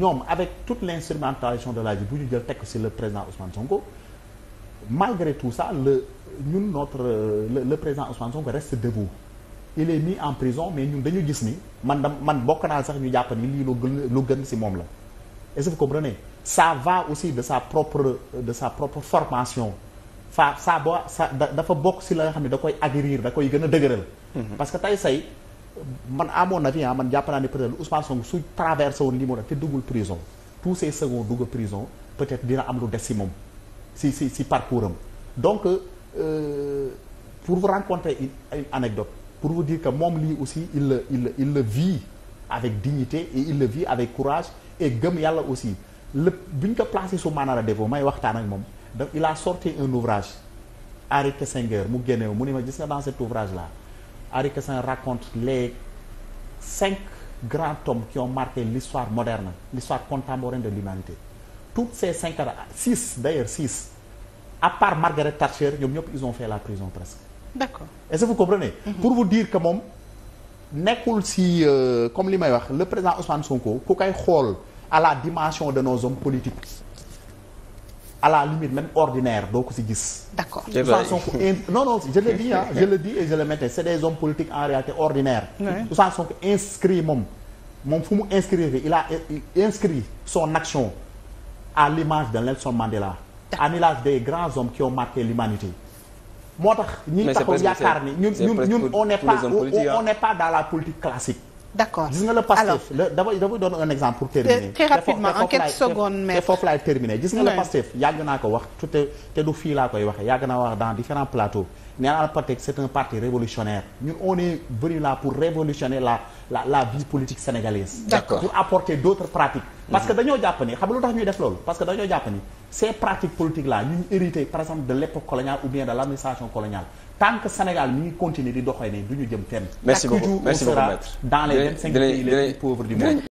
ñoom avec toute l'instrumentalisation de la ji bu ñu jël teg ko ci le président Ousmane Sonko malgré tout ça le ñun notre euh, le, le président Ousmane Sonko de debout il est mis en prison mais ñun dañu gis ni man dam man bokk naa sax ñu jàpp ni lii lu gën lu gën ci moom la est-ce que vous comprenez ça va aussi de sa propre de sa propre formation saa ça boo sa dafa bokk si la nga xam ne da koy aguerrir da koy gën a dëgëral mm-hmm. parce que tey say man à na avis ah man jàpp naa ne peut-être Ousmane Sonko su traversé woon li mu def te duggul prison tous ces seconds dugg prison peut-être dina am lu des si moom si si si parcours am donc euh, pour vous raconter une anecdote pour vous dire que moom lii aussi il le il le vie avec dignité et il le vit avec courage et gëm yàlla aussi lépp bu ñu ko placé su maanaara defoo may waxtaan ak moom donc il a sorti un ouvrage arrêté Senghor mu génneew mu ne ma gis nga Henri Cassin raconte les cinq grands tomes qui ont marqué l'histoire moderne, l'histoire contemporaine de l'humanité. Toutes ces cinq, six d'ailleurs, six, à part Margaret Thatcher, ils ont fait la prison presque. D'accord. Est-ce que vous comprenez mhm. Pour vous dire que mon, nekkul si euh, comme li may wax le président Ousmane Sonko ku koy xool à la dimension de nos hommes politiques à la limite même ordinaire doo ko si gis. d'accord Ousmane Sonko non non je le dis ah je le dis et je le mettais c'est des hommes politiques en réalité ordinaires. Ousmane Sonko inscrit moom moom fu mu inscrire il la inscrit son action à l'image de Nelson Mandela. à l'image des grands hommes qui ont marqué l'humanité moo tax ñi taxaw yaakaar ni ñun ñun ñun on n'est pas on n'est pas dans la politique classique. d' accord gis nga le Pastef la dafay dafay doon un exemple pour terminer. très mais foofu laay terminer gis nga le Pastef yàgg naa ko wax te du fii laa koy waxee yàgg naa wax dans différents plateaux nee naa la Pastef c' est un parti révolutionnaire ñun on est venu pour révolutionner la la la vie politique sénégalaise. d' accord pour apporter d' pratiques. parce que dañoo jàpp ni xam nga lu tax ñuy def loolu parce que dañoo jàpp ni ces pratiques politiques ñu ngi hérité par exemple de l'époque coloniale ou bien de l'administration coloniale tant que Sénégal ngi continuer di doxee nii du ñu jëm fenn. merci beaucoup merci beaucoup maître dans les vingt cinq pays les plus pauvres du monde.